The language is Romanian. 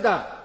da.